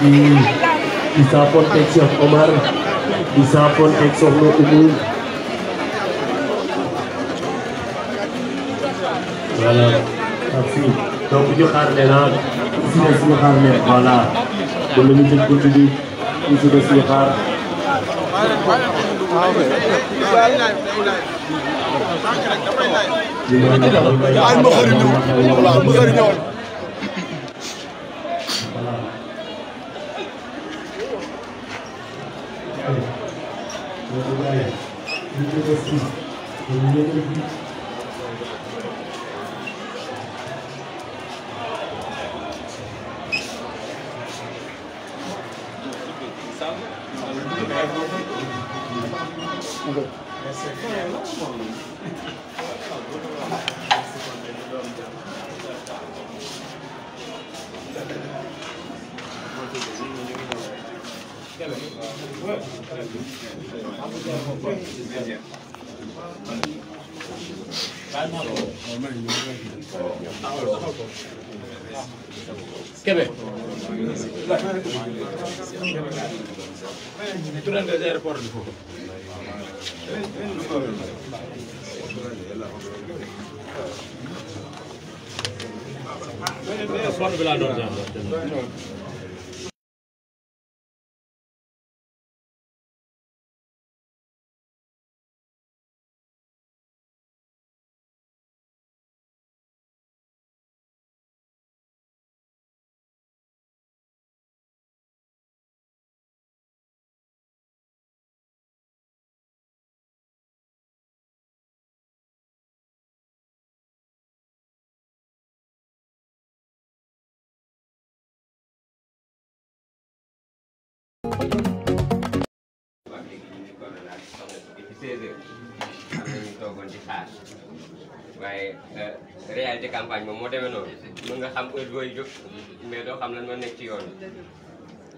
di disapon Eksyah Omar disapon Eksyah Nur Umum Voilà, tapi Donc, ñu xaar leen ah, si la suñu xaar leen, voilà. Bon, la ñu jël continue, ñu si la suñu Obrigado. seize heures am na ñu toogoon di xaar waaye réalité campagne moom moo demee noonu mën nga xam heure booy jóg mais doo xam lan moo nekk ci yoon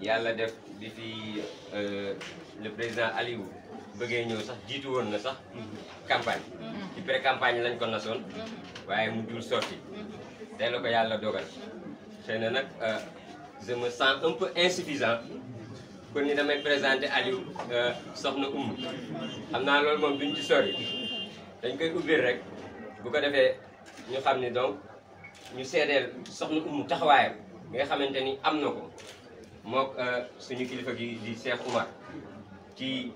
yàlla def di fi le président Aliou bëggee ñëw sax jiitu woon na sax campagne ci pré campagne lañ ko nasoon waaye mu jur sorti tey la ko yàlla dogal xëy nag je me sens un peu insuffisant kon ni damay présenté Aliou euh, soxna Oumou xam naa loolu moom duñ ci yi dañ koy ubbil rek bu ko defee ñu xam ni donc ñu seedeel soxna Oumou taxawaayam bi nga xamante ni am na ko mook euh, suñu kilifa gi di Cheikh Oumar ci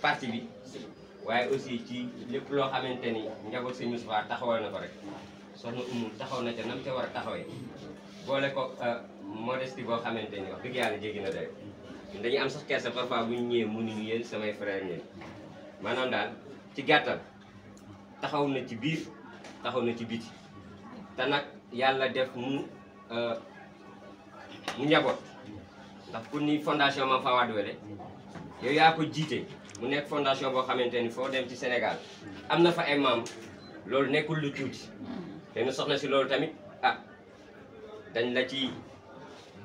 parti bi waaye aussi ci lépp loo xamante ni njaboot sëñ Moustapha taxawal na ko rek soxna Oumou taxaw na ca nam ca war a taxawee boole ko euh, modestie boo xamante ni wax dëgg yàlla jéggi na dayo ñun dañuy am sax kersa parfois bu ñu ñëwee mënuñu yéen samay frère ngeen maanaam daal ci gàttal taxaw na ci biir taxaw na ci biti te nag yàlla def mu euh, mu njaboot ndax pour ni fondation Mame Fawade Wellé yow yaa ko jiite mu nekk fondation boo xamante ni foo dem ci senegal am na fa ay loolu nekkul lu tuuti te mm. ñu soxna si loolu tamit ah dañ la ci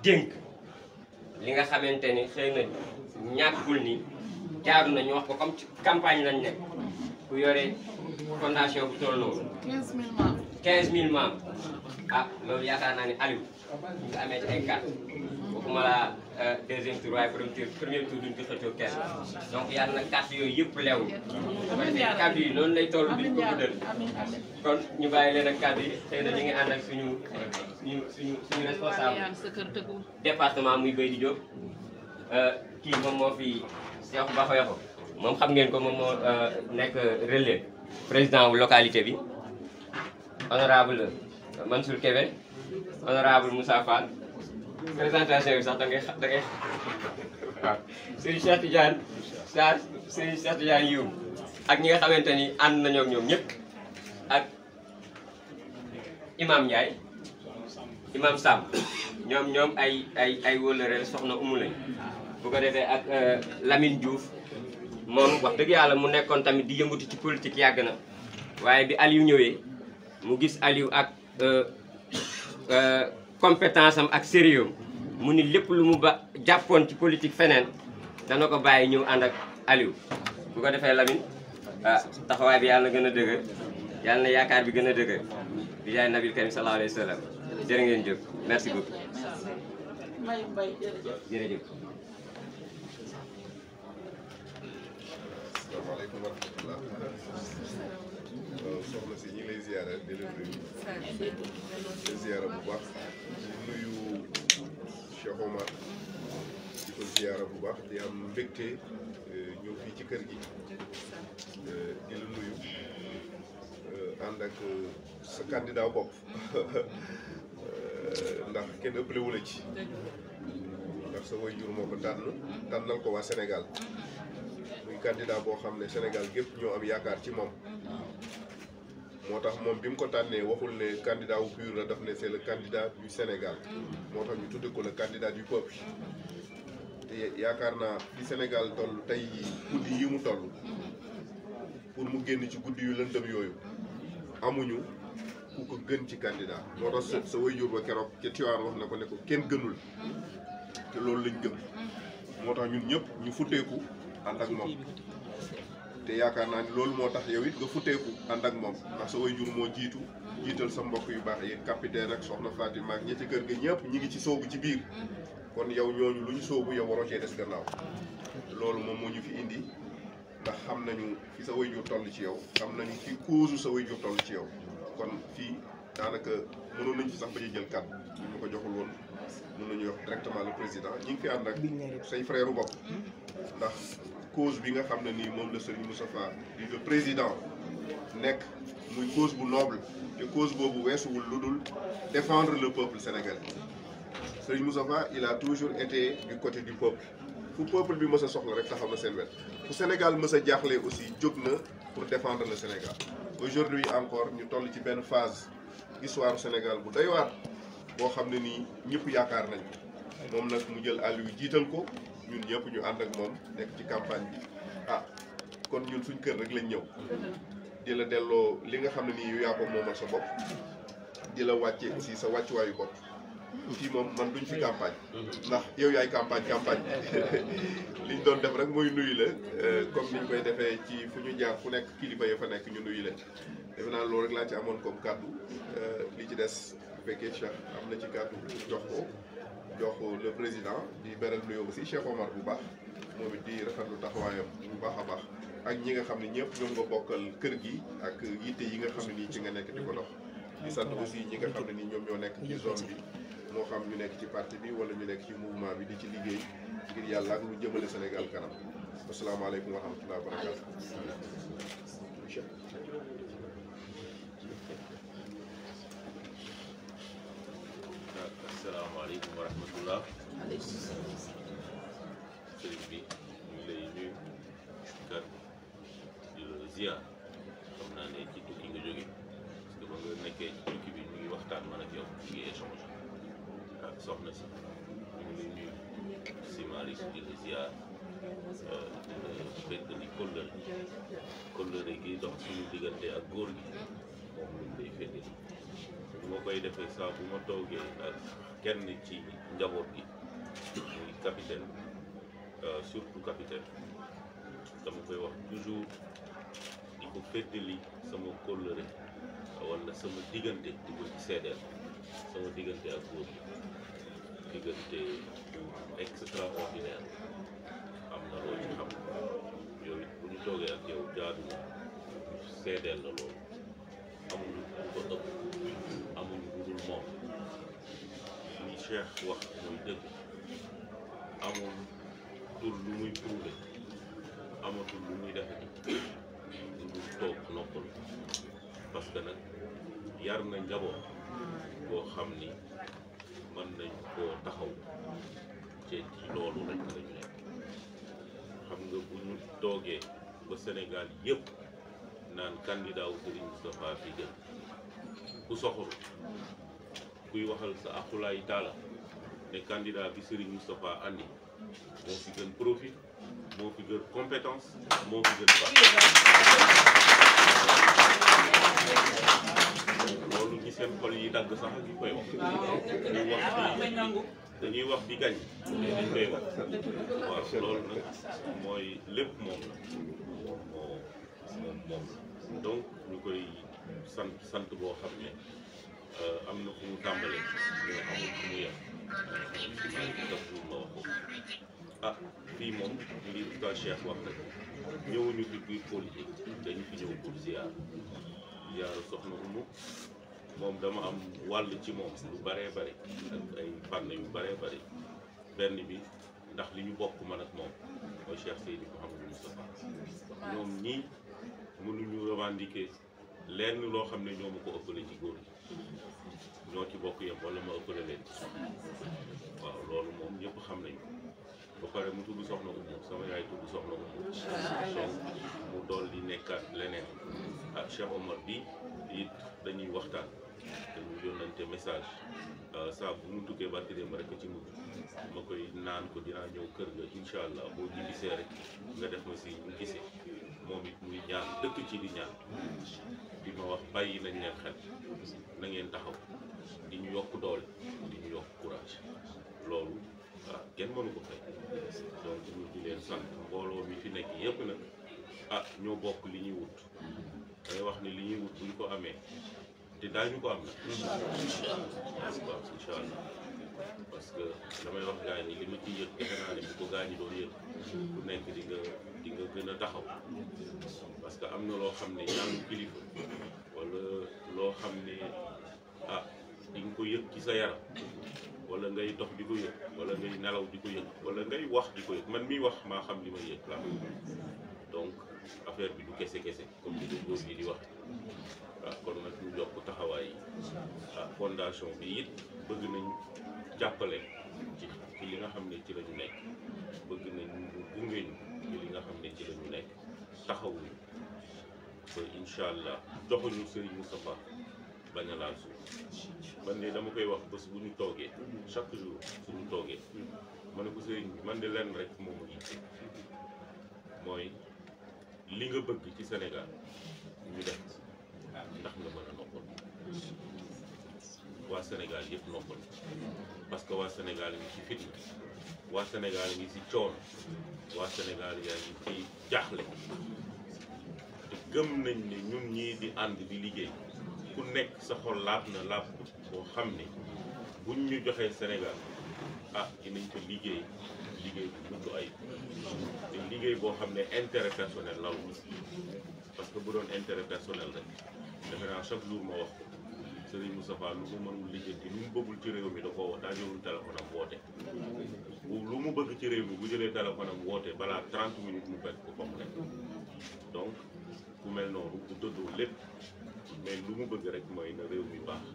dénk li nga xamante ni xëy na ñàkkul ni jaaru nañu wax ko comme campagne lañ nekk ku yore fondation bu toll noonu. 15000 membres 15000 ah loolu yaakaar naa ni Aliou ñu ngi amee ci ay carte waxuma la euh, deuxième tour waaye premier tour duñ ko xëccoo kenn donc yàlla na carte yooyu yëpp lew na. kàddu yi loolu lay toll duñ ko guddal kon ñu bàyyi leen ak kàddu yi xëy na ñu ngi ànd ak suñu. suñu suñu suñu responsable département muy Baydi Diop euh, kii moom moo fi Cheikh Ba Khoyoko moom xam ngeen ko moom moo euh, nekk relais président u localité bi honorable euh, Mansour Kébé honorable Moussa Fall présentation bi sax da ngay xa da ngay waaw Serigne Cheikh Tidiane Sarr Serigne ak ñi nga xamante ni ànd nañoo ñoom ñëpp ak Imam Ndiaye imam Samb ñoom ñoom ay ay ay wóllëre soxna umu lañ bu ko defee ak euh, Lamine Diouf moom wax dëgg yàlla mu nekkoon tamit di yëngatu ci politique yàgg na waaye bi Aliou ñëwee mu gis Aliou ak euh, euh, compétence am ak sérieux mu ni lépp lu mu ba jàppoon ci politique feneen dana ko bàyyi ñëw ànd ak Aliou bu ko defee Lamine ah, taxawaay bi yàlla na gën a dëgër yàlla na yaakaar bi gën a dëgër di jaay nabil karim sallallahu alayhi wa sallam jërë ngeen merci beaucoup. May Mbaye euh, soxna si ñu ngi lay ziyaara di la nuyu. di ziyaara bu baax. di nuyu Cheikh di ko ziyaara bu baax di am mbégte euh, ñëw fii ci kër gi. Euh, di la nuyu. ànd ak sa candidat bopp. ndax kenn ëppale wu la ci ndax sa way jur moo ko tànn tànnal ko waa senegal muy candidat boo xam ne senegal gépp ñoo am yaakaar ci moom moo tax moom bi mu ko tànnee waxul ne candidat wu PUR la daf ne c'est le candidat du Sénégal moo tax ñu tudde ko le candidat du te yaakaar naa fi Sénégal toll tey guddi yi mu toll pour mu génn ci guddi yu lëndëm yooyu amuñu ku ko gën ci candidat moo tax sa waajur ba keroog ca Tivaouane wax na ko ne ko kenn gënul te loolu lañ gëm moo tax ñun ñëpp ñu futteeku ànd ak moom te yaakaar naa ni loolu moo tax yow it nga futteeku ànd ak moom ndax sa jur moo jiitu jiital sa mbokk yu baax yéen capitaine ak soxna Fatima ak ñi ci kër gi ñëpp ñi ngi ci soobu ci biir kon yow ñooñu lu ñu soobu yow waroo cee des loolu moom moo ñu fi indi ndax xam nañu fi sa waajur toll ci yow xam nañu fi cause sa waajur toll ci yow kon fi daanaka mënoon nañu fi sax bañ a jël kàddu ñu ko joxul woon mën nañu wax directement le président ñi fi ànd ak say frère u bopp ndax cause bi nga xamné ni mom le Serigne Moustapha di le président nek muy cause bu noble te cause boobu weesuwul lu défendre le peuple sénégalais Serigne Moustapha il a toujours été du côté du peuple fu peuple bi mës soxla rek taxaw na seen wet fu Sénégal mës a jaaxlee aussi jóg na pour défendre le Sénégal aujourd'hui encore ñu toll ci benn phase histoire Sénégal bu doy waat boo xam ne nii ñëpp yaakaar nañ ko moom nag mu jël àll yu jiital ko ñun ñëpp ñu ànd ak moom nekk ci campagne bi ah kon ñun suñ kër rek lañ ñëw di la delloo li nga xam ne nii yu yaa ko moomal sa bopp di la wàcce aussi sa wàccuwaayu bopp fii moom man duñ fi campagne mm-hmm. ndax yow yaay campagne campagne liñ doon def rek mooy nuyu la euh, comme niñ koy defee ci fu ñu jaar fu nekk kilifa ya fa nekk ñu nuyu la defe naa loolu rek laa ci amoon comme kàddu euh, li ci des bu fekkee Cheikh am na ci kàddu jox ko jox le président di beral nuyoo aussi Cheikh Omar bu baax moom it di rafetlu taxawaayam bu baax a baax ak ñi nga xam ne ñëpp ñoom nga bokkal kër gi ak yitte yi nga xam ne nii ci nga nekk di ko dox di sant aussi ñi nga xam ne nii ñoom ñoo nekk ci zone bi moo xam ñu nekk ci parti bi wala ñu nekk ci mouvement bi di ci liggéey ngir yàlla ak lu jëmale senegal kanam asalaamaaleykum wa rahmatulah sëriñ bi ñu lay nuyu kër di la ziar xam naa ne ci tukki nga jóge parce que ba nga nekkee ci tukki bi ñu waxtaan man ak yow ñu ngi échange. soxna si ñu ngi lay nuyu si Malick di la gi dox suñu diggante ak góor gi moom lañ lay fekk bu koy defee saa ma toogee kenn ci njaboot gi muy capitaine surtout capitaine dama koy wax toujours di ko feddali sama kóllëre wala sama diggante di ko ci seedeel sama diggante ak góor gi diggante bu extraordinaire am na loo xam yow it bu ñu toogee ak yow jaadu na la loolu amul lu ëpp amul lu moom li Cheikh wax muy dëgg amul tul lu muy prouvé amatul lu muy defati lu toog noppal parce que nag yar na njaboot boo xam ni mën nañ koo taxaw ci ci loolu rek la nekk xam nga bu ñu toogee ba Sénégal yëpp naan candidat wu Serigne Moustapha fi gën ku soxoru kuy waxal sa akulaay taala ne candidat bi Serigne Moustapha andi moo fi gën profit moo fi gën compétence moo fi gën baax loolu ci seen xol yi dagg sax ak yi koy wax ah, ah, dañuy wax di ah. dañuy wax di wax waaw loolu mooy lépp moom la moo donc ñu koy sant sant boo xam ne euh, am na fu mu tàmbalee mu yem euh, ah fii moom li Oustaz Cheikh wax rek ñëwuñu fi kuy politique dañu fi ñëw pour ziar yaaru soxna umu moom dama am wàll ci moom lu baree bari ak ay fànn yu baree bari benn bi ndax li ñu bokk man ak moom mooy Cheikh Seydi Mouhamadou Moustapha ñoom lenn loo xam ne ñoo ma ko ëppale ci góor yi ñoo ci bokk yem wala ma ëppale leen waaw loolu moom ñëpp xam nañu ba pare mu tudd soxna Umu sama yaay tudd soxna Umu Cheikh Omar bi it dañuy waxtaan te ñu yónnante message euh, saa bu mu tukkee barki dem rek ci mujj ma koy naan ko dinaa ñëw kër ga incha allah boo ñu gisee rek nga def ma si ñu gisee moom it muy ñaan dëkk ci di ñaan di ma wax bàyyi nañ leen xel na taxaw di ñu yokk doole di ñu yokk courage loolu waaw ah, kenn mënu ko fay donc ñu di leen sant mbooloo mi fi nekk yépp nag ah ñoo bokk li ñuy wut day wax ni li ñuy wut bu ko amee te daañu ko am na daañu parce que damay wax gaañ yi li ma ko gaañ wala ah di nga ci sa yaram wala ngay dox di koyek, yëg wala ngay nelaw di ko wala ngay wax di ko man miy wax maa xam li may la donc affaire bi du kese kese comme ni ko góor ñi di wax waaw kon nag ñu yokk taxawaay yi fondation bi it bëgg nañ jàppale ci ci li nga xam ne ci la ñu nekk bëgg nañ ñu gunge ñu ci li nga xam ne ci la ñu nekk taxawuñu ba incha allah joxuñu Serigne Moustapha bañ a laal suuf man de dama koy wax bés bu ñu toogee chaque jour suñu toogee hmm. ma ne ko Serigne man de lenn rek moom ma yitte mooy. li nga bëgg ci senegal ñu def ndax nga mën a noppal waa senegal yëpp noppal parce que waa senegal ngi ci fitna waa Sénégal ngi ci coono waa senegal yaa ngi ci jaaxle te gëm nañ ni ñun ñii di ànd di liggéey ku nekk sa xol laab na laab boo xam ne buñ ñu joxee senegal ah dinañ ko liggéey liggéey bu mucc ayib boo xam ne intérêt personnel law parce que bu doon intérêt personnel rek defe naa chaque jour ma wax ko Serigne Moustapha lu mu mënul lijjanti lu mu bëggul ci réew mi da wax daa jëlul téléphone am woote bu lu mu bëgg ci réew mi bu jëlee téléphone am woote balaa 30 minutes mu fekk ko fam rek donc ku mel noonu bu dëddoo lépp mais lu mu bëgg rek mooy na réew mi baax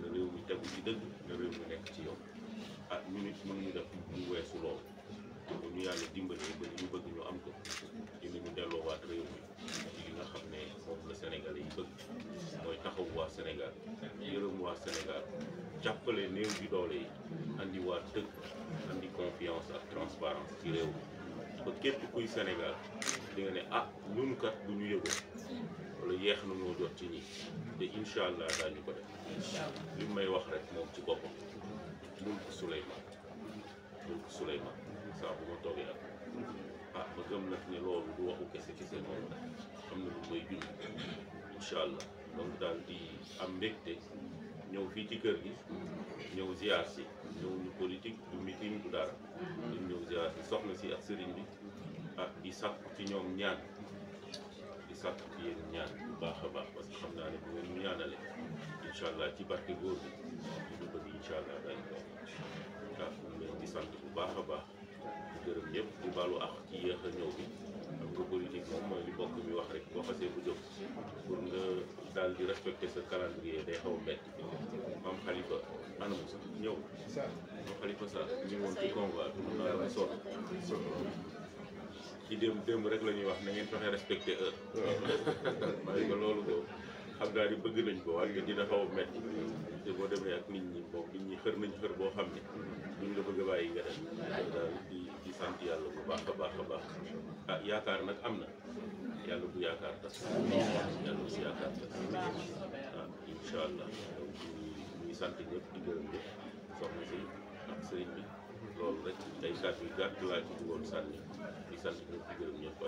na réew mi tegu ci dëgg na réew mi nekk ci yow ah ñu nit mënuñu def ba ñu yàlla dimbali ba ñu bëgg ñu am ko ñu delloowaat réew mi ci xam ne moom la Sénégalais yi bëgg mooy taxaw waa Sénégal yërëm waa Sénégal jàppale néew bi doole yi andi waa dëkk andi confiance ak transparence ci réew mi ba kuy Sénégal di ne ah ñun bu ñu yëgoon wala yeex na ñoo jot ci ñi te incha allah daañu ko def li may wax rek moom ci boppam Mulk Souleymane Mulk Souleymane saa bu ma toogee ak ah ma gëm nag ne loolu du waxu kese kese moom nag xam na lu may junj incha allah donc daal di am mbégte ñëw fii ci kër gi ñëw ziar si ñëw ñu politique du meeting du dara ñëw ziar si soxna si ak sëriñ bi ah di sàkku fi ñoom ñaan di sàkku ci yéen ñaan bu baax a baax parce que xam naa ne bu ngeen ñu ñaanale incha allah ci barke góor bi ñu bëgg incha allah dañ ko ah di sant bu baax a baax gërëm ñëpp di baalu ak ci yéex a ñëw bi am nga politique moom mooy li bokk mi wax rek boo xasee bu jóg pour nga daal di respecté sa calendrier day xaw a métti maam xalifa anam sax ñëw maam xalifa sax ñu woon ci convoi bi mun naa dama ci démb démb rek lañuy wax na ngeen fexe respecté heure waaye ko loolu ko xam daal ni bëgg nañ ko waaye dina xaw a métti te boo demee ak nit ñi boobu nit ñi xër nañ xër boo xam ne duñ la bëgg bàyyi nga dem daal di sant ya bu baax a baax a baax ah yaakaar nag am na bu yaakaar tas yàlla bu ah allah sant di gërëm ñëpp soxna si ak sëriñ bi loolu rek ay kàddu yu gàtt laa ci bëggoon sànni di sant ñëpp di gërëm ñëpp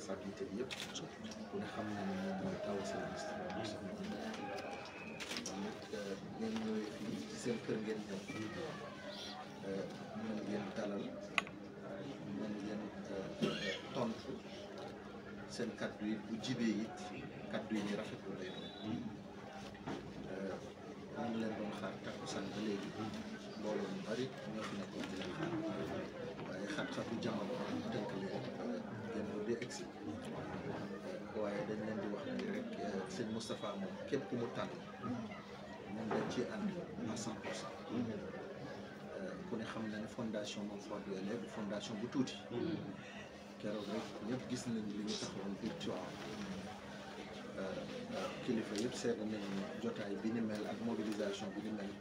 responsabilité bi yëpp ku xam na ne moom mooy taw seen soxna Dieng nag ngeen ñëwee fii seen kër ngeen ñëw dalal mën ngeen euh, tontu seen kaddu yi bu jibee it kaddu yi ñu rafetlu lay doon euh, ngi leen doon xaar takkusaan ba léegi mbooloo mu bari ñoo fi nekkoon di leen xaar waaye xat-xatu jamono tënk leen. egsi waaye dañ leen di wax ne rek euh, sëñ Moustapha moom képp ku mu tànn moom dañ ciy ànd à cent pour cent euh, ku ne xam na ne fondation moom Fond du Lélève fondation bu tuuti keroog rek ñëpp gis nañ li ñu taxawoon biir Tiwaawan euh, kilifa yëpp seetlu nañu jotaay bi ni mel ak mobilisation bi ni mel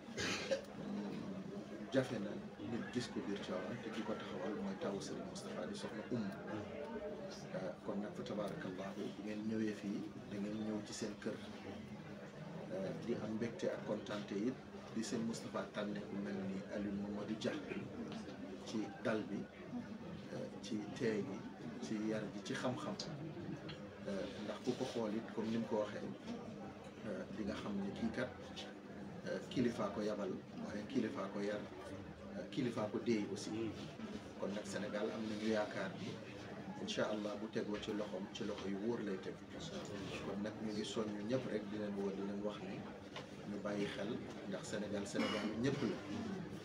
jafe na nit gis ko biir Tiwaawan te di ko taxawal mooy tawu Serigne Moustapha di soxna Oum Euh, kon nag fa bi bu ngeen ñëwee fii da ñëw ci seen kër euh, di am mbégte ak kontante it di seen Moustapha tànne ku mel ni Alioune Mamadou Dia ci dal bi euh, ci teey bi ci yar bi ci xam-xam ndax ku ko xool it comme ni mu ko waxee di nga xam ne kii kat kilifaa ko yabal waaye kilifaa ko yar kilifaa ko déey aussi mm. kon nag Sénégal am nañu yaakaar bi ان شاء الله بو تيغو تي لوخوم تي لوخو يوور لاي تيغ كون نك نيغي سون ني نيب ريك دينن وور دينن واخ ني ني باي خيل داخ سنغال سنغال نيب لا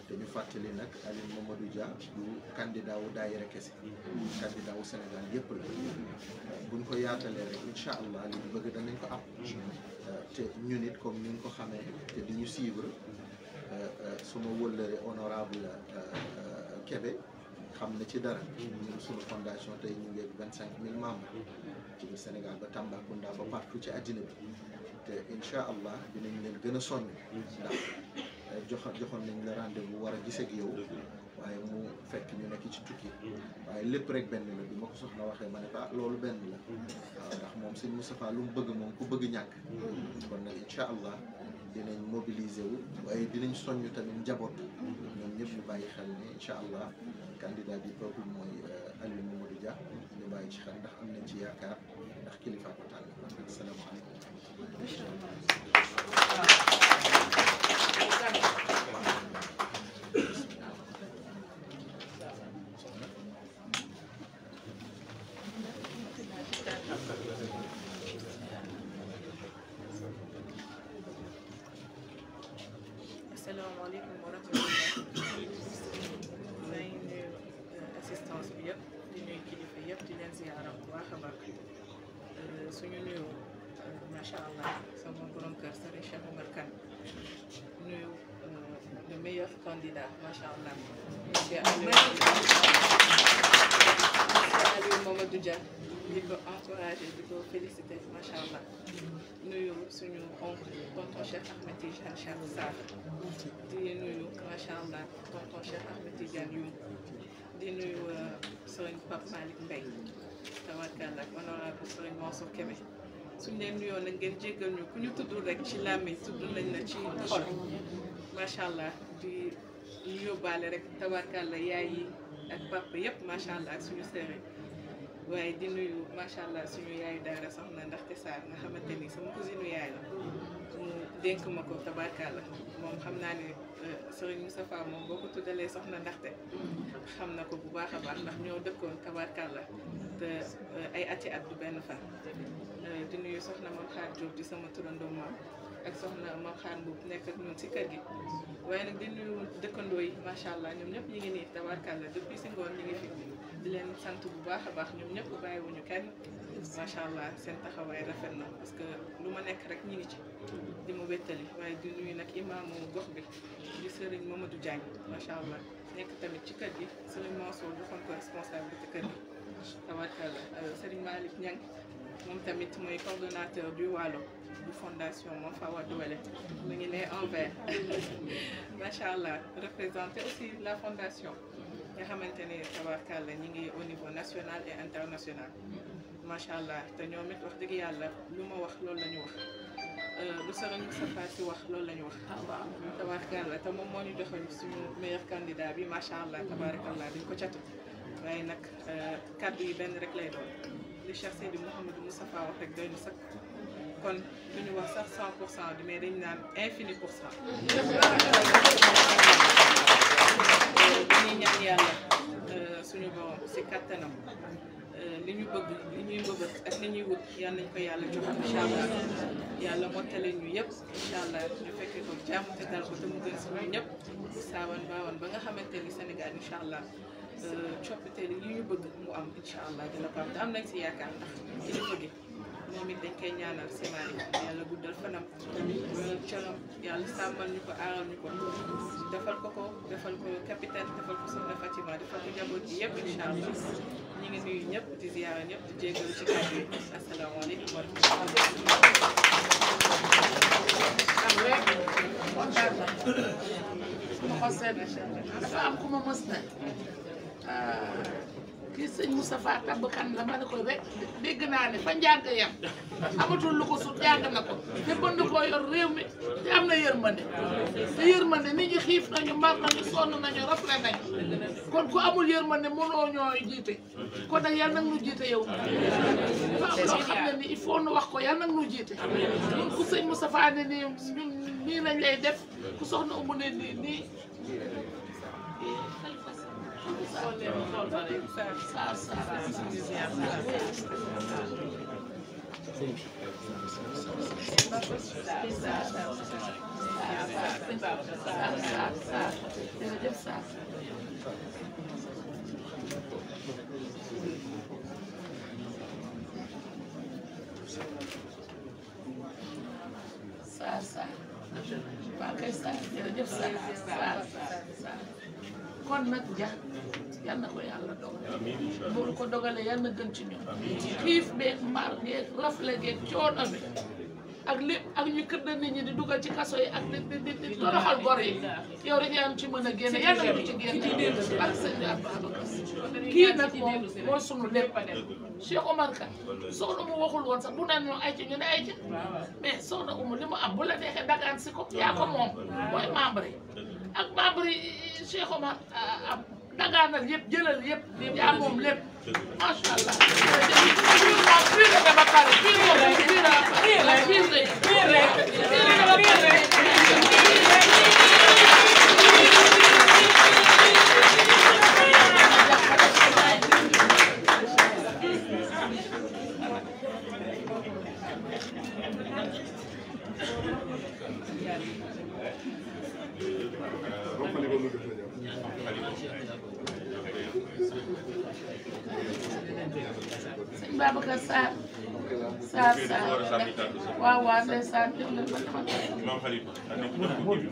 تي ني فاتلي نك علي مامادو جا دو كانديدا و داير كيس كانديدا و سنغال ييب لا بو نكو ياتال ان شاء الله لي بيغ نكو اب تي ني نكو خامي تي دي ني سيبر سوما وولري xam na ci dara ñun suñu fondation tey ñu ngi vingt cinq mille membres ci biir Sénégal ba Tambacounda ba partout ci àddina bi te incha allah dinañ leen gën a soññ ndax eh, jox joxoon nañ la rendez-vous war a gis ak yow waaye mu fekk ñu nekk ci tukki waaye lépp rek benn la bi ma ko soxla waxee ma ne ko ah, loolu benn la waaw ndax moom si Moustapha lu mu bëgg moom ku bëgg ñàkk kon nag incha allah dinañ mobiliser wu waaye dinañ soññ tamit njaboot ñëpp ñu bàyyi xel ne incha allah candidat bi kooku mooy euh, Aliou Mamadou Dia ñu bàyyi ci xel ndax am nañ ci yaakaar ndax kilifa ko tànn asalaamaaleykum suñu oncle tonton Cheikh Ahmed Tidiane Cheikh Sarr di nuyu macha allah tonton Cheikh Ahmed Tidiane yu di nuyu euh, sëriñ Pape Malick Mbaye tabarkalla ak honorable sëriñ Mansour Kébé suñ leen nuyoo nag ngeen jéggal ñu ku ñu tuddul rek ci làmmiñ tudd nañ la ci xol macha allah di ñu yóbbaale rek tabarkalla yaay yi ak papa yëpp macha allah ak suñu séeréer. waaye di nuyu macha allah suñu yaayu daara soxna ndaxte Sarr nga xamante ni sama cousine yaay la mu dénk ma ko tabarkalla moom xam naa ne euh, sëriñ Moustapha moom boo ko tuddalee soxna ndaxte xam na ko bu baax a baax ndax ñoo dëkkoon tabarkalla te euh, ay ati at du benn fa euh, di nuyu soxna Mame Khar Diop di sama turandoo maam ak soxna Mame Khar Mboub nekk ak ñun si kër gi waaye nag di nuyu dëkkandoo yi macha allah ñoom ñëpp ñu ngi nii tabarkalla depuis si ngoon ñu di leen sant bu baax a baax ñoom ñëpp bàyyiwuñu kenn macha allah seen taxawaay rafet na parce que lu ma nekk rek ñu ngi ci di ma wéttali waaye di nuyu nag imaamu gox bi di sëriñ Mamadou Diagne macha allah nekk tamit ci kër gi sëriñ Mansour joxoon ko ci kër gi tabarkalla euh, sëriñ Malick Niang moom tamit mooy coordonnateur du Waalo du fondation moom Fawa Douelé mu ngi ne en vert macha allah représenté aussi la fondation nga xamante ne tabarkàlla ñi ngi au niveau national et international macha allah te ñoom it wax dëgg yàlla lu ma wax loolu la ñu wax lu sëriñ Moustapha Sy wax loolu la ñu wax tabarkàlla te moom moo ñu joxoñ suñu meilleur candidat bi macha allah tabarkàlla dañ ko catu waaye nag kàddu yi benn rek lay doon li Cheikh Seydi Mouhamadou Moustapha wax rek doy na sëkk kon duñu wax sax cent pour cent mais dañ naan infini pour cent dañuy ñaan yàlla euh, suñu borom si kattanam euh, li ñu bëgg li ñuy mbëbët ak li ñuy wut yàlla nañ ko yàlla jox incha allah yàlla mottale ñu yëpp incha allah ñu fekkee ko jàmm te dal ko te mu gën si ñu ñëpp saawan baawan ba nga xamante ni Sénégal incha allah euh, coppite li ñu bëgg mu am incha allah dina ko am te am nañ si yaakaar ndax kilifa gi moom it dañ koy ñaanal Sémari yàlla guddal fanam wéral colom yàlla sàmmal ñu ko aaral ñu ko defal ko ko defal ko capitaine defal ko soxna Fatima defal ko njaboot yi yëpp incha allah ñi ngi nuyu ñëpp di ziyaara ñëpp di jéggalu ci kàddu yi asalaamaaleykum wa rahmatulah. am rek kii sëñ Moustapha tabb kan la ma ko rek dégg naa ne fa njàng yam amatul lu ko sut jàng na ko te bënd koo yor réew mi te am na yërmande te yërmande nit ñi xiif nañu mar nañu sonn nañu rafle nañu kon ku amul yërmande mënoo ñooy jiite kon nag yal nag nu jiite yow dafa am loo nu wax ko yal nag nu jiite ñun ku sëñ Moustapha ne nii nii lañ lay def ku soxna umu nii nii Sağ sağ. Bakın sağ. Sağ sağ. Sağ sağ. kon nag ja yal na ko yàlla dogal bu ko dogalee yal na gën ci ñoom xiif beeg mar geeg rafle geeg coono bi ak lépp ak ñu kër nit ñi di dugal ci kaso yi ak di di di toroxal gor yi ci mën a génne yal na ko ci génne ak sëñ Ababacar kii nag moom moo sunu lépp Cheikh Omar Ka soxna mu waxul woon sax bu naan ñoo ay ci ñu ne ay ci mais soxna umu li mu am bu la neexee dagaan si ko yaa ko moom mooy membre yi ak membres yi Cheikh Omar am dagaanal yëpp lépp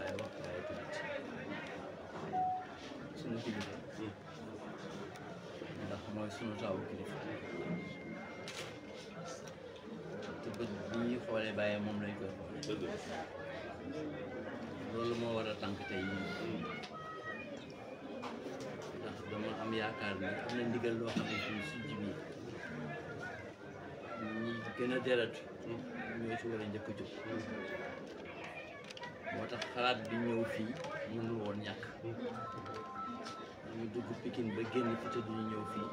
రైతు నుంచి raw kilifa te bët bi ñuy xoolee bàyyee moom lañ koy xoolee loolu moo war a tànk tey yii ndax dama am yaakaar ni am na ndigal loo xam ne fii si jibi ñi moo tax xalaat bi ñëw fii mënu woon ñàkk ñu dugg Pikine ba génn fi te duñu ñëw fii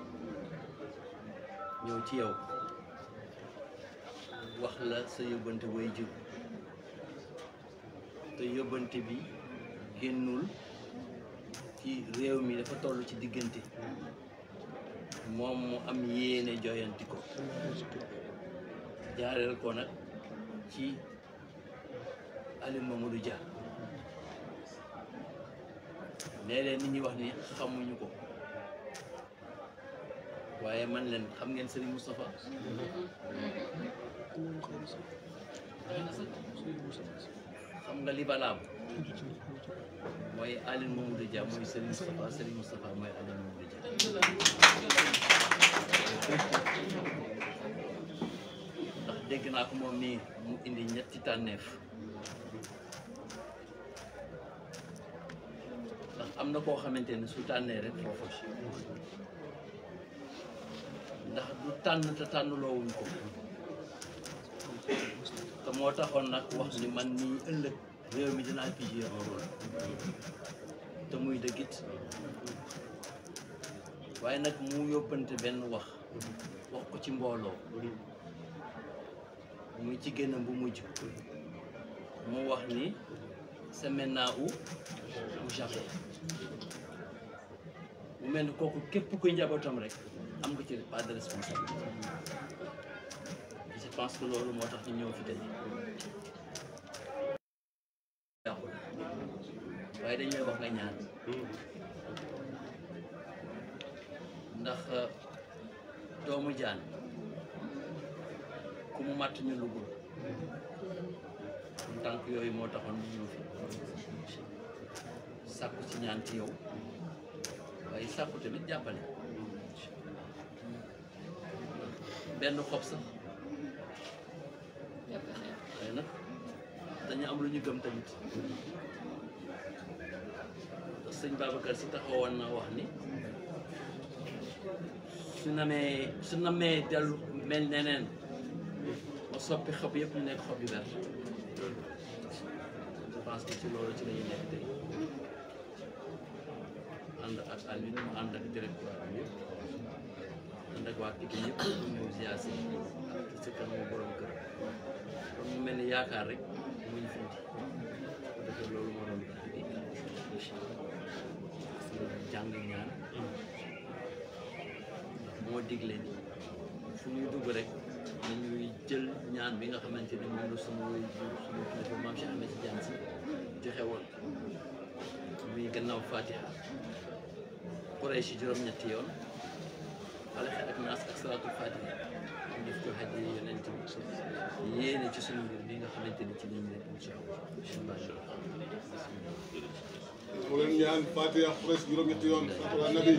ñëw ci yow wax la sa yóbbante way jur te yóbbante bi génnul ci réew mi dafa toll ci diggante moom mu am yéene joyanti ko jaareel ko nag ci alim Mamadou Dia léeg-léeg nit ñi wax ni xamuñu ko waaye man leen xam ngeen Serigne Moustapha xam nga li balaam mooy Aliou Mamadou Dia mooy Serigne Moustapha Serigne Moustapha mooy Aliou Mamadou Dia ndax dégg naa ko moom mu indi ñetti tànneef amna na koo xamante ne su tànnee rek foofu si ndax du tànn te tànnuloo wuñ ko te moo taxoon nag wax ni man nii ëllëg réew mi dinaa ci jouer un rôle te muy dëggit waaye nag mu yóbbante benn wax wax ko ci mbooloo muy ci génnam bu mujj mu wax ni c'est maintenant ou jamais mu mel ni kooku képp kuy njabootam rek am nga ci pas de responsabilité je pense que loolu moo tax ñu ñëw fi tey yàqul waaye dañ lay wax nga ndax euh, doomu jaan ku mu màtt ñu lugul tànk yooyu moo taxoon ñu ñëw fi sàkku ci ñaan ci yow waaye sàkku tamit jàppale benn xob sax waaye nag am lu ñu gëm tamit sëñ Babacar si taxawoon na wax ni su namee su namee dellu mel neneen ma soppi xob yëpp ñu nekk xob yu vert je pense que ci loolu ci lañuy nekk tey ànd ak Aliou mu ànd ak directeur yëpp ànd ak waa Pikine yëpp ñu ak ci kan mu borom kër kon mu mel ni yaakaar rek mu ñu fi indi digle ni fu ñuy dugg rek dañuy jël ñaan bi nga xamante ne moom la suñu suñu kilifa maam Cheikh Ahmed Tidiane Sy joxe woon muy gannaaw Fatiha Quraysh juróom-ñetti yoon wala xel ak naas ak salaatul faatiha ñu def ko xaj yi yonent bi yéene ci suñu mbir bi nga xamante ni ci lañ nekk incha allah. mu leen ñaan faatiha Quraysh juróom-ñetti yoon salaatu ala nabi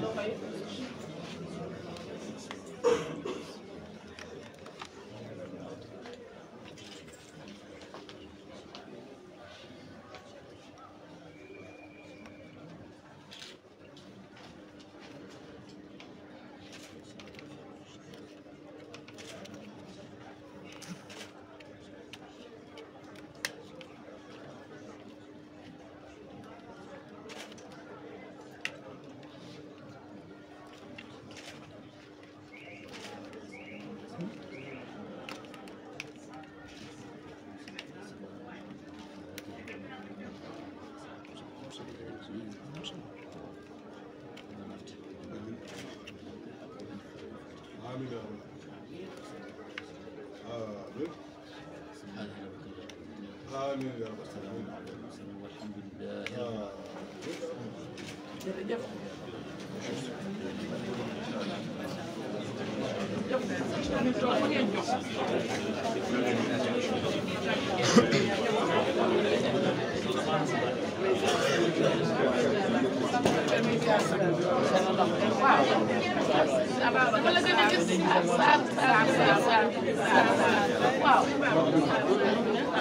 امين يا رب السلام على المرسلين والحمد لله Wow.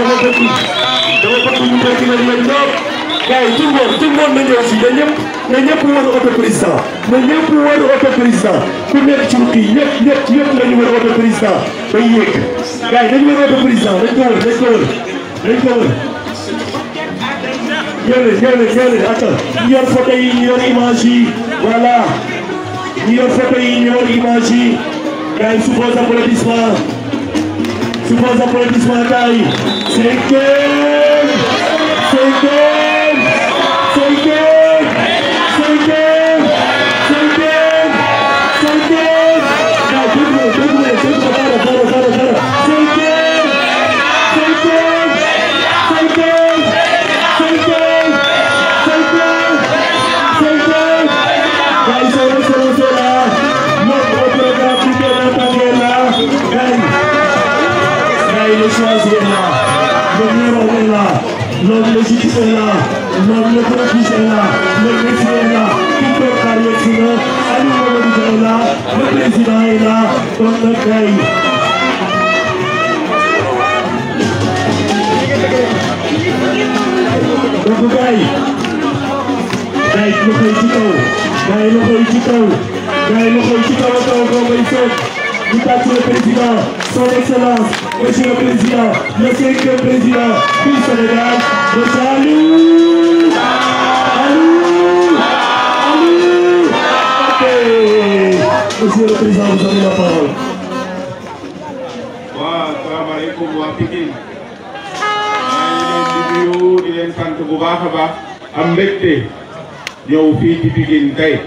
dama bëgg dama bëgg ñu continuer leen toog gars yi tout le monde tout le monde na ñëw si yéen ñëpp na ñëpp war oto président na ñëpp war oto président ku nekk ci kii ñëpp ñëpp ñëpp nañu war oto président bay yéeg gars yi nañu war oto président dañ ko wër dañ ko wër dañ ko wër ñëw leen ñëw leen ñëw leen attends ñu yor photo yi ñu yor image yi voilà ñu yor photo yi ñu yor image yi gars yi suppose applaudissement Se faz a pra desmarcar aí. Sem quem? Sem quem? choisir-là, le mien est là, l'homme légitime est là, l'homme le prodige est là, le métier est là, qui peut parler sur le Aliou est là, le président est là, on le paye. Donc gay, gay loxo yi ci kaw, gay loxo yi ci kaw, gay loxo yi ci kaw kaw kaw bay fekk. Monsieur le Président, Son Excellence, Monsieur le Président, Monsieur le Président du Sénégal, le salut Monsieur le Président, vous avez la parole. waaw salaamaaleykum waa Pikine. maa ngi leen di nuyu di leen sant bu baax a baax. am mbégte ñëw fii ci Pikine tey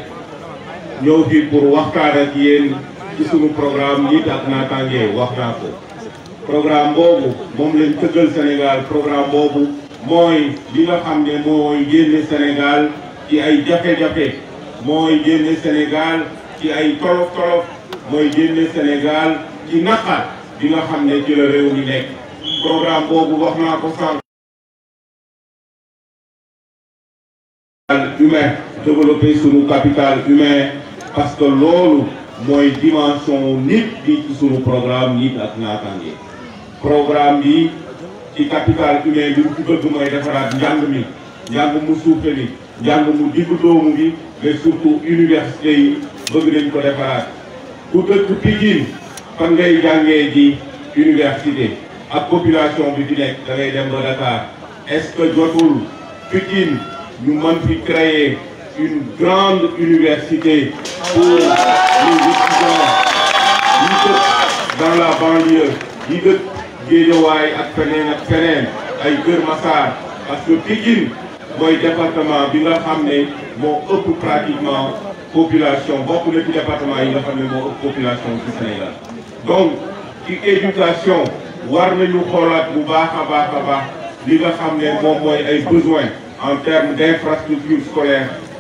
ñëw fii pour waxtaan ak yéen. ci suñu programme nit ak naataange wax naa ko programme boobu moom lañ tëggal Sénégal programme boobu mooy li nga xam ne mooy génne Sénégal ci ay jafe-jafe mooy génne Sénégal ci ay tolof tolof mooy génne Sénégal ci naqar bi nga xam ne ci la réew mi nekk programme boobu wax naa ko sànq humain développer suñu capital humain parce que loolu mooy dimension nit bi ci sunu programme nit ak naataange programme bi ci capital humain bi mu ci bëgg mooy defaraat njàng mi njàng mu suufe mi njàng mu diggu doomu bi mais surtout université yi bëgg nañ ko defaraat ku dëkk Pikine fan ngay jàngee ji université ak population bi fi nekk da ngay dem ba Dakar ce que jotul Pikine ñu mën fi une grande université pour les étudiants dans la banlieue à dëkk à ak feneen ak ay parce que Pékin, départements département bi nga xam pratiquement pratiquement population beaucoup de départements département yi nga xam ne population ci Sénégal donc l'éducation éducation war nañu xoolaat bu en termes d'infrastructures scolaires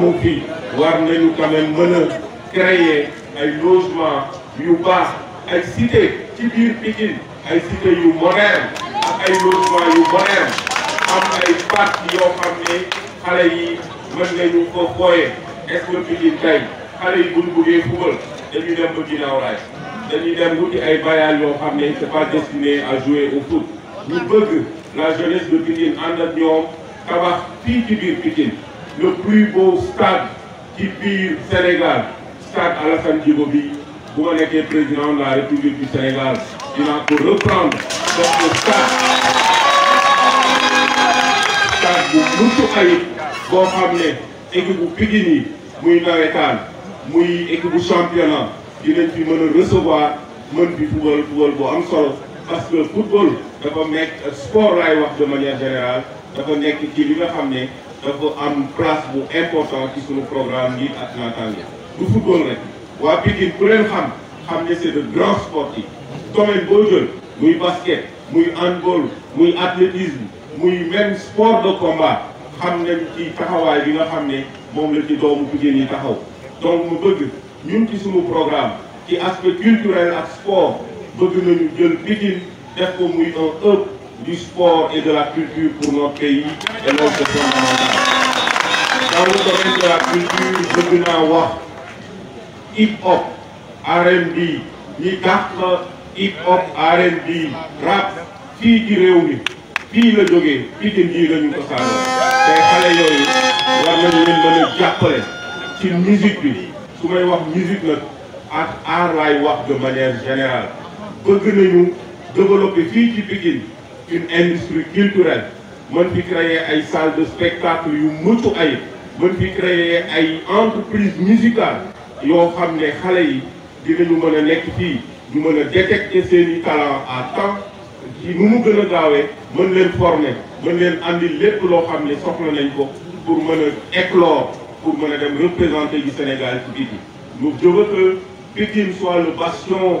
mon fi war nañu quand même créer un logement une base, une cité ci biir Pikine une cité yu moderne ak logement yu moderne am ay parc yoo xam ne yi une nañu ko fooye est-ce que Pikine tey xale y buñ une football. dañu dem ba ginnaaw une dañuy dem c'est pas destiné à jouer au foot la jeunesse de Pékin en ñoom le plus beau stade qui biir Sénégal stade Alassane Djigo bi bu président de la République du Sénégal il a pour reprendre def stade. stade stade nous mucc ayib boo xam ne équipe bu Pikine yi muy nawetaan et équipe vous championnat dinañ fi mën recevoir mën pour football football bu am solo parce que football c'est un sport wax de manière générale dafa nekk ci li nga dafa am place bu important ci suñu programme yi ak naataange du football rek waa Pikine ku leen xam xam ne c'est de grands sportifs domaine boo jël muy basket muy handball muy athlétisme muy même sport de combat xam nañ ci taxawaay bi nga xam ne moom la ci doomu Pikine yi taxaw donc mu bëgg ñun ci suñu programme ci aspect culturel sport bëgg nañu jël Pikine def ko muy un hub du sport et de la culture pour notre pays et notre fondamental. Dans le domaine de la culture, je veux hip-hop, R&B, quatre hip-hop, R&B, rap, Fi qui réew Fi c'est la jógee C'est ko c'est musique musique de manière générale bëgg nous développer fii une industrie culturelle Mon fi créer ay salle de spectacle yu mucc ayib mën fi ay entreprise musicale yoo xam ne xale yi dinañu mën a nekk fii ñu détecter seen talent à temps ci nu mu gën a gaawee former mën leen andi lépp ko pour mën éclore pour mën représenter du Sénégal ci biti. Nous je veux que Pékin soit le bastion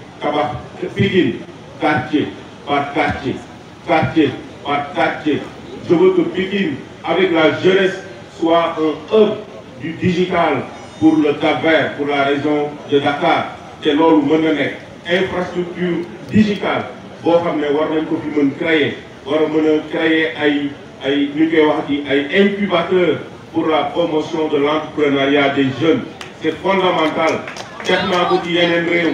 tabax Pikine quartier par quartier quartier par quartier je veux que Pikine avec la jeunesse soit un hub du digital pour le cap pour la région de Dakar que loolu mën infrastructure digitale boo xam ne war nañ ko fi mën créer war a créer ay incubateur pour la promotion de l'entrepreneuriat des jeunes c'est fondamental Qu'est-ce que ci yeneen réew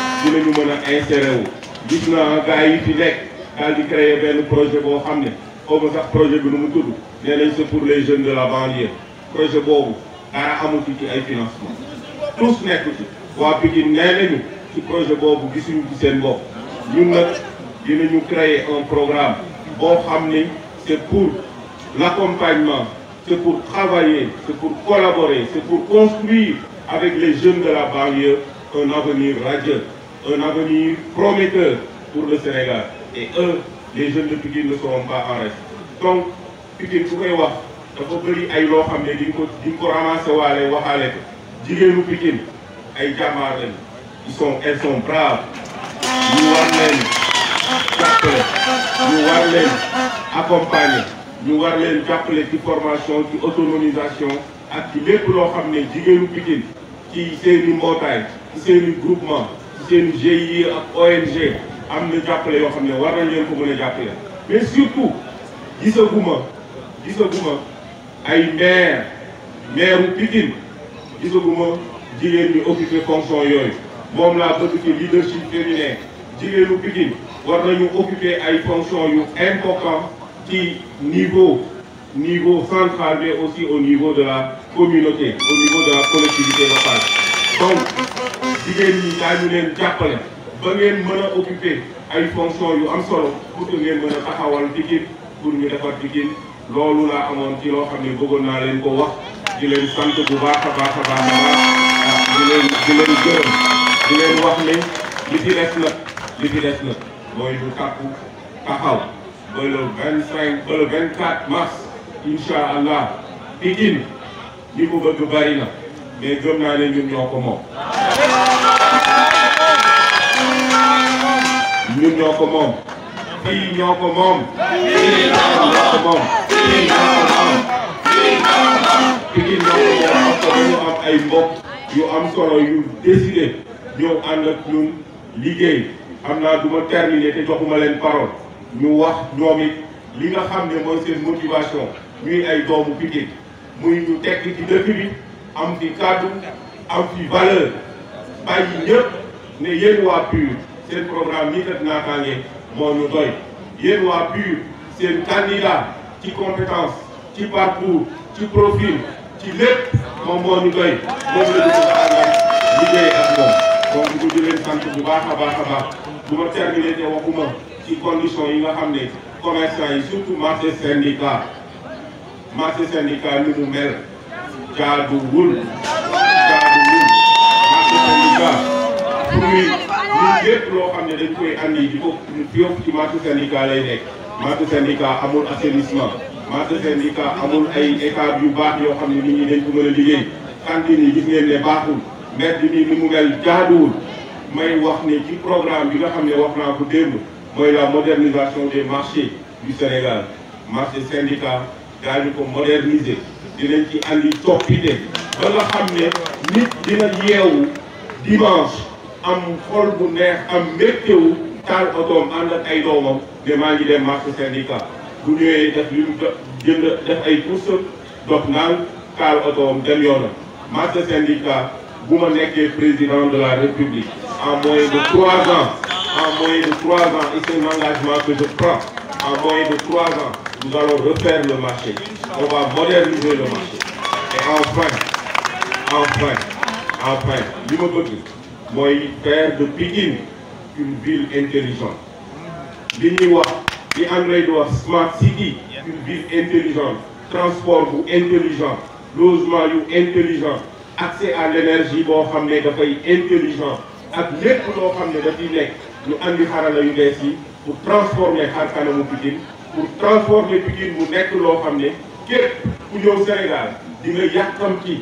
Nous nous a insérer nous gis naa nous yi fi créer projet boo projet bi nous mu c'est pour les jeunes de la banlieue projet boobu dara amu ci ay financement tous nous, ci waa Pikine nee nañu ci projet boobu nous ci créer un programme c'est pour l'accompagnement c'est pour travailler c'est pour collaborer c'est pour construire avec les jeunes de la banlieue un avenir radieux un avenir prometteur pour le Sénégal et eux les jeunes de Pikine ne seront pas en reste donc Pikine pour wax dafa ils sont elles sont braves Nous war leen nous ñu accompagner ñu war formation autonomisation ak ci lépp Pikine qui c'est le groupement seen GIE ak ONG am na jàppale yoo xam ne war nañ leen ko mën a jàppale mais surtout gisaguma gisaguma ay maire maireu Pikine gisaguma jigéen ñi occupé fonction yooyu moom laa bëgg ci leadership féminin jigéenu Pikine war nañu occuper ay fonction yu important ci niveau niveau central mais aussi au niveau de la communauté au niveau de la collectivité locale donc jigéen ñi daañu leen jàppale ba ngeen mën a occuper ay fonction yu am solo pour que ngeen mën a taxawal Pikine pour ñu defar Pikine loolu laa amoon ci loo xam ne bëggoon naa leen ko wax di leen sant bu baax a baax a baax di leen di leen gërëm di leen wax ne li ci des nag li ci des nag mooy ñu takku taxaw ba le vingt cinq ba le vingt quatre allah Pikine ñi ko bëgg bari na mais gëm naa ne ñun ñoo ko moom ñun ñoo ko moom. fii ñoo ko moom. fii ñoo ko moom. fii ñoo ko moom. fii ñoo ko moom. Pikine ñoo ko moom parce que dañu am ay mbokk yu am solo yu décidé ñëw ànd ak ñun liggéey xam naa du ma terminé te joxuma leen parole ñu wax ñoom it li nga xam ne mooy seen motivation ñuy ay doomu Pikine muy ñu tekk ci dëkk bi am fi kàddu am fi valeur bàyyi ñëpp ne yéen waa PUR. le programme est kat mon moo Il doy pu PUR candidat qui compétence qui parcours qui profil qui lépp mon vous ñu donc vous vous vous vous conditions yi surtout marché syndicat marché syndicat ni Vous marché syndicat. pour ñuy loo xam ne dañ koy andi di ko yokk ci marché syndicat lay nekk marché syndicat amul assainissement marché syndicat amul ay état yu baax yoo xam ne nit ñi dañ a liggéey cantine yi baaxul mbedd mi ni mu mel jaaduwul wax programme bi nga xam ne wax naa ko la modernisation des marchés du Sénégal marché syndicat daañu ko moderniser dinañ ci andi toppite ba dina yeewu dimanche am xol bu neex am mbégte wu taal otoom ànd ak ay doomam ne maa ngi dem marché syndicat bu ñëwee def lu jënd def ay course dox naan taal otoom dem yoonam marché syndicat bu ma nekkee président de la république en moins de trois ans en moins de trois ans et c'est un engagement que je prends en moins de trois ans nous allons refaire le marché on va moderniser le marché et enfin enfin enfin li ma bëgg mooy père de Pikine une ville intelligente li wax smart city une ville intelligente transport intelligent logement intelligent accès à l'énergie pour famille de pays intelligent ak notre familles de ne dafay nekk ñu andi pour transformer pour transformer Pikine mu nekk pour Sénégal di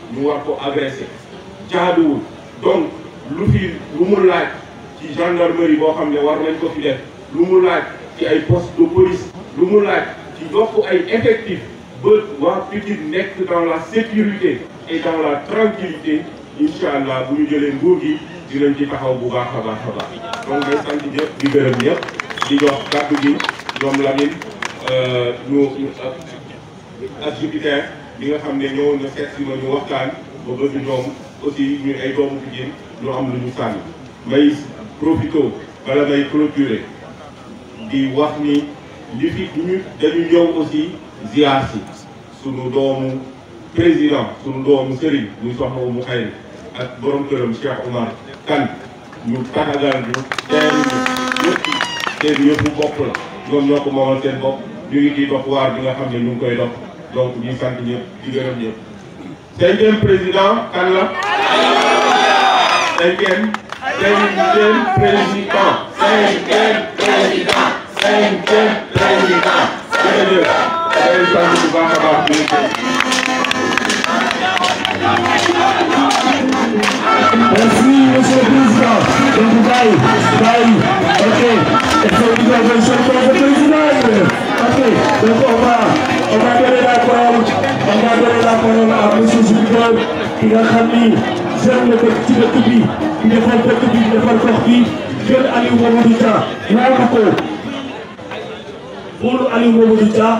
ñu war ko agressé jaaduwul donc lu fi lu mu laaj ci gendarmerie boo xam ne war nañ ko fi def lu mu laaj ci ay poste de police lu mu laaj ci yokk ay effectif ba waa Pikine nekk dans la sécurité et dans la tranquillité incha allah bu ñu jëlee nguur gi di dinañ ci taxaw bu baax a baax a baax donc ngay sant ñëpp di gërëm ñëpp di jox kàddu gi ñoom Lamine euh, ak jupiter li nga xam ne ñëwoon na seet ma ñu waxtaan ba bëgg ñoom aussi ñu ay doomu Pikine ñu am lu ñu sànni may profité bala may clôturer di wax ni li fi ñu dañu ñëw aussi ziar si sunu doomu président sunu doomu Serigne muy soxna mu xayri ak borom këram Cheikh Oumar Kane ñu taxagal ñu yi ñu ñëpp seen yëpp bopp la ñoom ñoo ko moomal seen bopp ñu ngi ciy dox waar bi nga xam ne ñu ngi koy dox donc nous sommes di président cinquième président Cinquième cinquième. cinquième président. cinquième président. cinquième président. merci monsieur le président. donc bye. ok. le président ok dama doon laa ko yow dama doon laa ko yow ah monsieur Sine Diop ki nga xam ni jeune la dëkk ci dëkk bi di defar dëkk bi di defar gox bi jël Aliou Mamadou Dia ñaata ko wóolu Aliou Mamadou Dia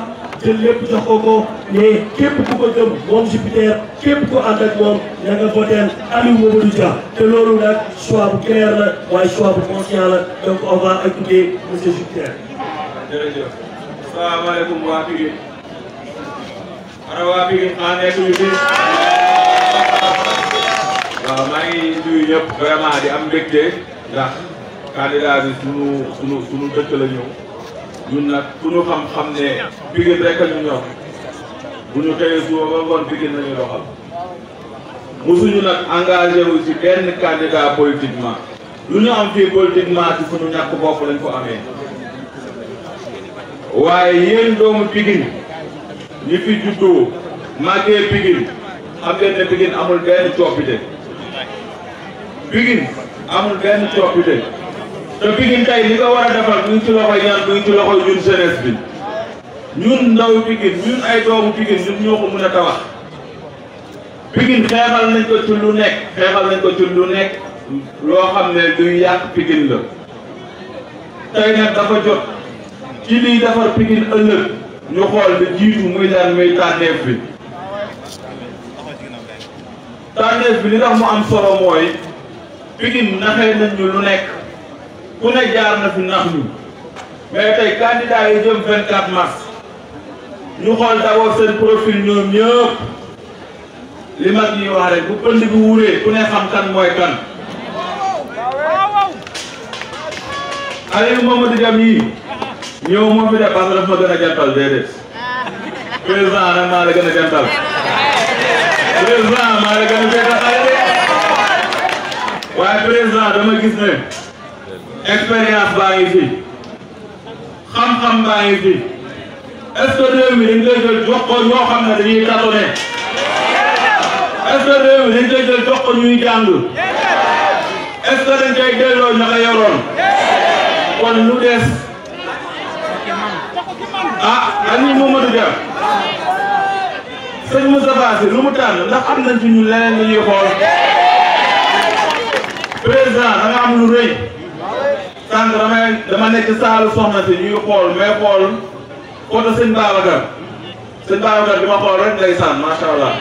jël lépp jox ko ko mais képp ku ko gëm moom Jupiter képp ku ànd ak moom yaa nga voteel Aliou Mamadou Dia te loolu nag choix bu clair la waaye choix bu conscient la donc on va écouter monsieur Jupiter. jërëjëf salaamaaleykum waa Pikine. rawaa waa ngeen xaanee suñu fi waaw maa ngi nuyu ñëpp vraiment di am mbégte ndax candidat bi suñu suñu suñu dëkk la ñëw ñun nag ku ñu xam-xam ne Pikine rek a ñu ñor bu ñu xëyee suba ba ngoon Pikine nañu doxal musuñu nag engagé ci benn candidat politiquement lu ñu am fii politiquement ci suñu ñàkk bopp lañ ko amee waaye yéen doomu Pikine ñi fi juddoo màggee Pikine xam ngeen ne Pikine amul benn coppite Pikine amul benn coppite te Pikine tey li ko war a defal mu ngi ci loxoy ñaan mu ngi bi ñun ndaw Pikine ñun ay doomu Pikine ñun ñoo ko mën a tabax Pikine xeexal nañ ko ci lu nekk xeexal nañ ko ci lu nekk loo xam ne luy yàq Pikine la tey nag dafa jot ci liy defar Pikine ëllëg ñu xool ba muy daan muy tànneef bi tànneef li tax mu am solo mooy Pikine naxee nañ lu nekk ku ne jaar na fi nax ñu mais tey candidat yi jëm 24 mars ñu xool d'abord seen profil ñoom ñëpp li mag ñuy wax rek bu pënd wuree ku ne xam kan mooy kan Aliou Mamadou Diam yi ñëw moo fi def parce que dafa ma gën a jantal déedéet président nag maa la gën a jantal président maa la gën a jantal waaye baa ngi fi xam-xam baa ngi fi est-ce que réew mi dañ koy jël jox ko ñoo xam ne dañuy tâtonner est-ce ah ani Mamadou Dia sëñ Moustapha Sy lu mu tànn ndax am nañ ci ñu leneen lu ñuy xool président a nga am lu rëy sànq damay dama nekk saalu soxna si ñuy xool may xool côté sëñ Babacar sëñ Babacar bi ma xool rek lay sànn macha allah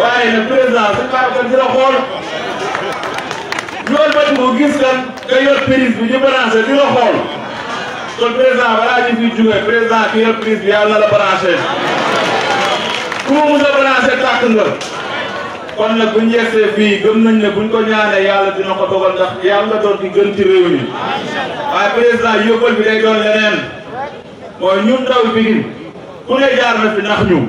waaye nag président sëñ Babacar dina xool ñu ëlbatiku gis kan nga yor prise bi ñu branché di la xool. kon président balaa ñu fi jógee président ki yor prise bi yàlla na la branché ku mu mos a tàkk nga kon nag bu ñu yegsee fii gëm nañ ne buñ ko ñaanee yàlla dina ko dogal ndax yàlla doon di gën ci réew mi waaye président yóbbal bi day doon leneen mooy ñun ndaw bi ku ne jaar na fi ndax ñu.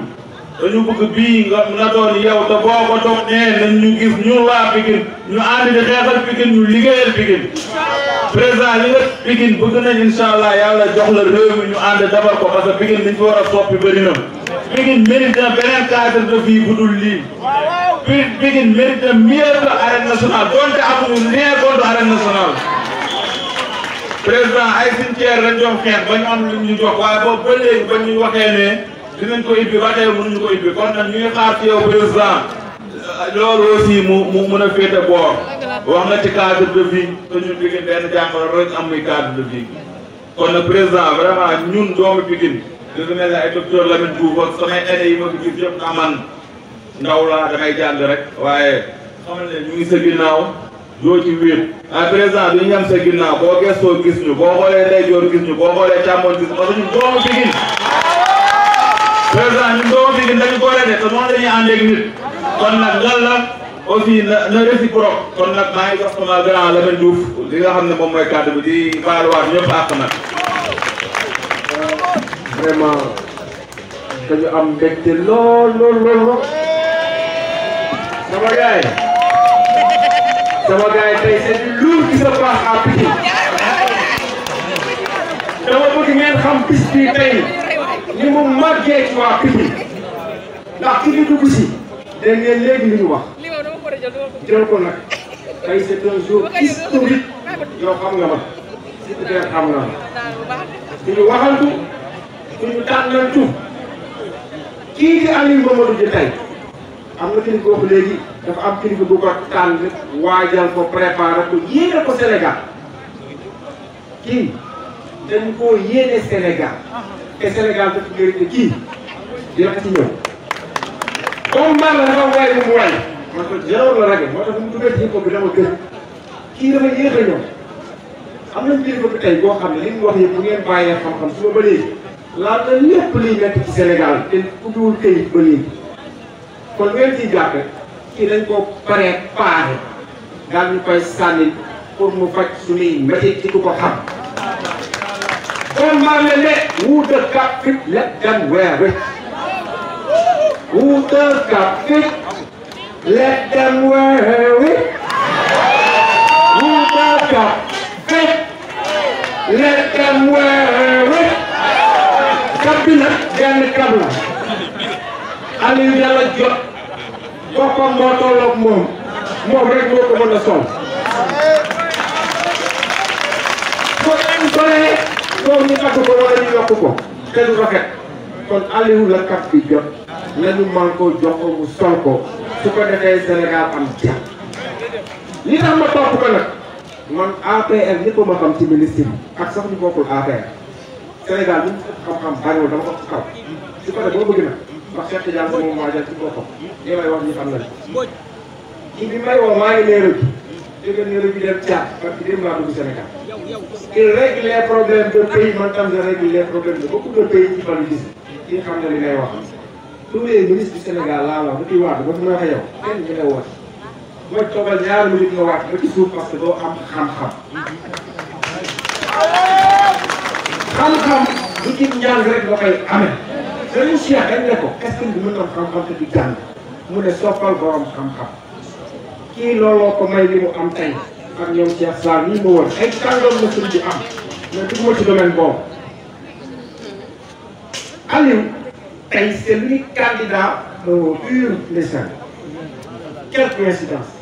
dañu bëgg bii nga na doon yow te boo ko toog nee nañ ñu gis ñun waa Pikine ñu ànd di xeexal Pikine ñu liggéeyal Pikine président li nga Pikine bëgg nañ incha allah yàlla jox la réew mi ñu ànd defar ko parce que Pikine dañ fi war a soppi bëri na. Pikine mérite na beneen cadre de vie bu dul lii. Pikine mérite na mieux que arène nationale donte amuñu rien contre arène nationale. président ay cimetière lañ jox xeex ba ñu am lu ñu jox waaye boobu ba léegi ba ñu waxee ne. dinañ ko ubbi ba tey mënuñu ko ubbi kon nag ñuy xaar ci yow président loolu mu mu mun a wax na ci cadre de vie te ñun Pikine am muy cadre de président vraiment ñun doomu Pikine dafa mel ne ay jàng rek waaye xamal ne ñu ngi sa ginnaaw doo ci wéet à ah, présent duñu yem sa ginnaaw boo gestoo gis ñu boo xoolee ndeyjoor gis ñu boo xoolee càmmoñ gis parce que ñun doomu Pikine président ñun doo fi gën dañu boole de te moom la ñuy ànd ak nit kon nag lan la aussi na na réciproque kon nag maa ngi jox sama grand Lamine Diouf li nga xam ne moom mooy kàddu bi di baaluwaat ñëpp àq nag. vraiment dañu am mbégte lool lool lool. sama gars yi sama gars yi tey c'est du lourd qui se passe à Pikine dama bëgg ngeen xam bis bi tey. ni mu màggee ci waa Pikine ndax ki fi dugg si dégg ngeen léegi li ñu wax jël ko nag tey c'est un jour historique yow xam nga ma surtout xam nga ma suñu waxantu suñu tànnantu kii di Aliou Mamadou Dia tey am na kilifa wax léegi dafa am kilifa bu ko tànn waajal ko préparé ko yéene ko Sénégal kii dañ koo yéene Sénégal ah. te Sénégal dafa gërëm kii dina ci ñëw. comme man la dafa waay bu mu waay man ko jëloon la ragal moo tax mu dugal ci hip hop bi dama gën kii dafa yéex a ñëw am nañu mbir bëgg tey boo xam ne li mu wax yëpp bu ngeen bàyyee xam-xam su ba léegi laal na lépp liy nekk ci Sénégal te ubbiwul këyit ba léegi kon ngeen ciy jàpp kii dañ koo paree paare daal ñu koy sànni pour mu faj suñuy métit ci ku ko xam. Konmalele Wudakapit, let them wear it. Wudakapit, let them wear it. Wudakapit, let them wear it. Kabinet, Jan Kamla. Aliou Diallo Diop, boppam moo tolloog moom moom rek moo ko mën a sol. Boo leen solee foofu ñu dagg ko wala ñu yokk ko te kon Aliou la kàpp bi jot nañu man koo jox ko mu sol ko defee Sénégal am jàmm li tax ma topp ko nag man APR ñëpp ma xam ci ministre ak sax ñu bokkul APR Sénégal ñu xam-xam bariwul dama ko xaw su ko defee boo bëgg nag ndax Cheikh Tidiane moom maa jël ci boppam li may wax ñu xam nañ ko. ci bi may woo maa ngi leeral jóge na lu ñu dem Tchad parce que dem laa dugg Sénégal il règle les problèmes de pays man tam je règle les problèmes de beaucoup de pays ci ban gis ki xam ne li ngay wax premier ministre du Sénégal laa wax bu ciy waat ba mu wax yow kenn ñu ne waat mooy toogal ñaari minute nga waat ba ci suuf parce que doo am xam-xam xam-xam du ci ñaan rek la koy amee dañu Cheikh dañ ne ko est-ce que du mën am xam-xam te du jàng mu ne soppal borom xam-xam kii looloo ko may li mu am tey ak ñoom Cheikh Sarr ñi ma woon xëy na tàngoor la suñ bi am mais duguma ci domaine boobu Aliou tey c'est l'unique candidat au pur ndeysaan quelle coïncidence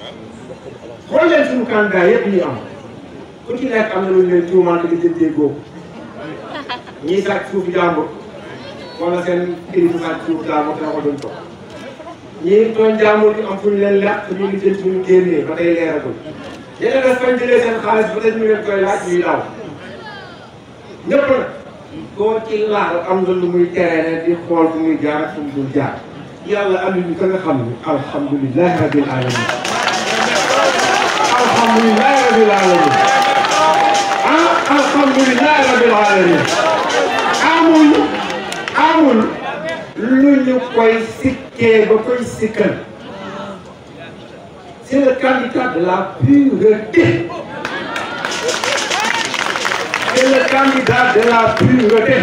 xool leen suñu candidat yëpp ñu am ku ci nekk am na lu ñu leen tuumaal di jëm déggoo ñii sàcc suuf jàmbur wala seen kilifa sàcc suuf jàmbur dama doon toog ñi tooñ jaamoon ñu am fu ñu leen làq ñu ngi jël suñu génnee ba tey leeragul yeneen daf fañ jëlee seen xaalis ba tey ñu leen koy laaj ñuy daw ñëpp nag koo ci laal am na lu muy teree di xool fu muy jaar ak fu mu dul jaar yàlla am nañu ka nga xam ni alhamdulilahi rabil alamin alhamdulilahi rabil alamin ah alhamdulilahi rabil alamin amul amul lu ñu koy sikkee ba koy sikkal c'est le candidat de la pureté c'est le candidat de la pureté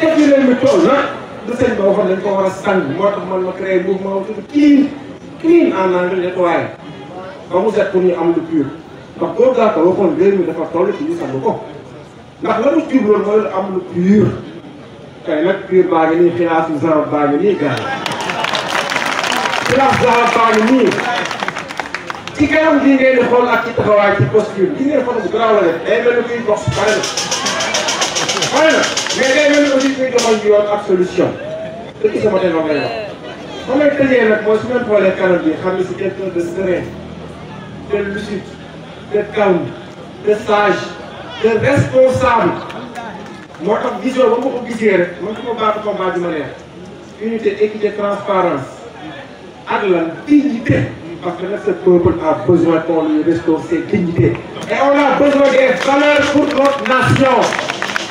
def ñu leen ñu toll nag du sëñ ba waxoon dañ ko war a sang moo tax man ma créé mouvement bu tudd clean clean en anglais nettoyer ba mu set pour ñu am lu pur ndax boobu daa ko waxoon réew mi dafa toll ci ñu sang ko ndax la mu jubloon mooy lu am lu pur tey nag biir baa ngi nii xilaas zarab baa ngi nii gars yi xilaas zarab baa ngi nii ci kanam gi ngeen di ak ci taxawaay ci posture gi ngeen xool bu garaaw la def day mel ni kuy dox pare na pare na mais day mel ni aussi kuy doxal ci yoon ak solution te ci sama téléphone lay wax fa may nag mooy su ngeen xoolee kanam bi xam si quelqu'un de serein de lucide de calme de sage de responsable Moi, tax vision ba ma ko gisee rek man su ma baatu combat unité équité transparence ak dignité parce que notre peuple a besoin de lui restaure ses dignités et on a besoin des valeurs pour notre nation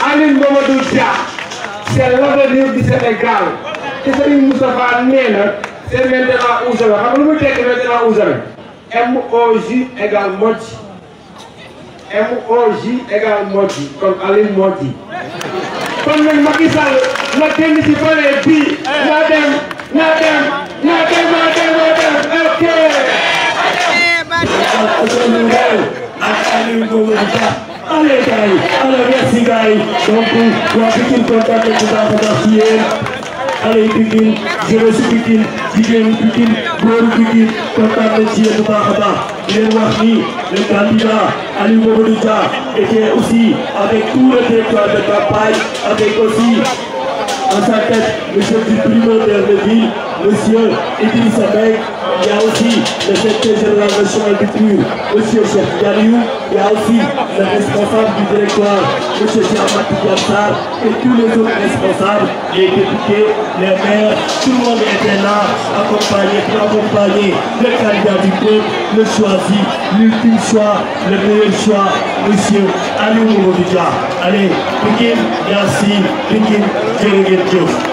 Aline Mamadou Dia c'est l'avenir du Sénégal te Serigne Moustapha nee na c'est maintenant Ouzamé xam nga lu muy tekki maintenant Ouzamé M O J égale MOJ égale moo di kon Aliou moo di kon nag Macky Sall na génn ci palais bi na dem na dem na dem na dem na dem ok. allez gars yi allez merci gars yi donc waa Pikine kontaan nañu bu baax a baax ci yéen xale yi Pikine jeunesse Pikine jigéenu Pikine góoru Pikine kontaan nañ ci yéen bu baax a wax ni le candidat Aliou Mamadou Dia aussi avec tout le territoire de campagne avec aussi en sa tête le chef du primeur de la ville monsieur Idrissa il y a aussi le secrétaire général national du monsieur Chef Galiou, il y a aussi le responsable du directoire, monsieur Chiamati Gassar, et tous les autres responsables, les députés, les maires, tout le monde était là, accompagné, pour accompagner le candidat du peuple, le choisi, l'ultime choix, le meilleur choix, monsieur Aliou Allez, Pékin, merci, Pikin, Jérémy Diouf.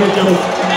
Obrigado.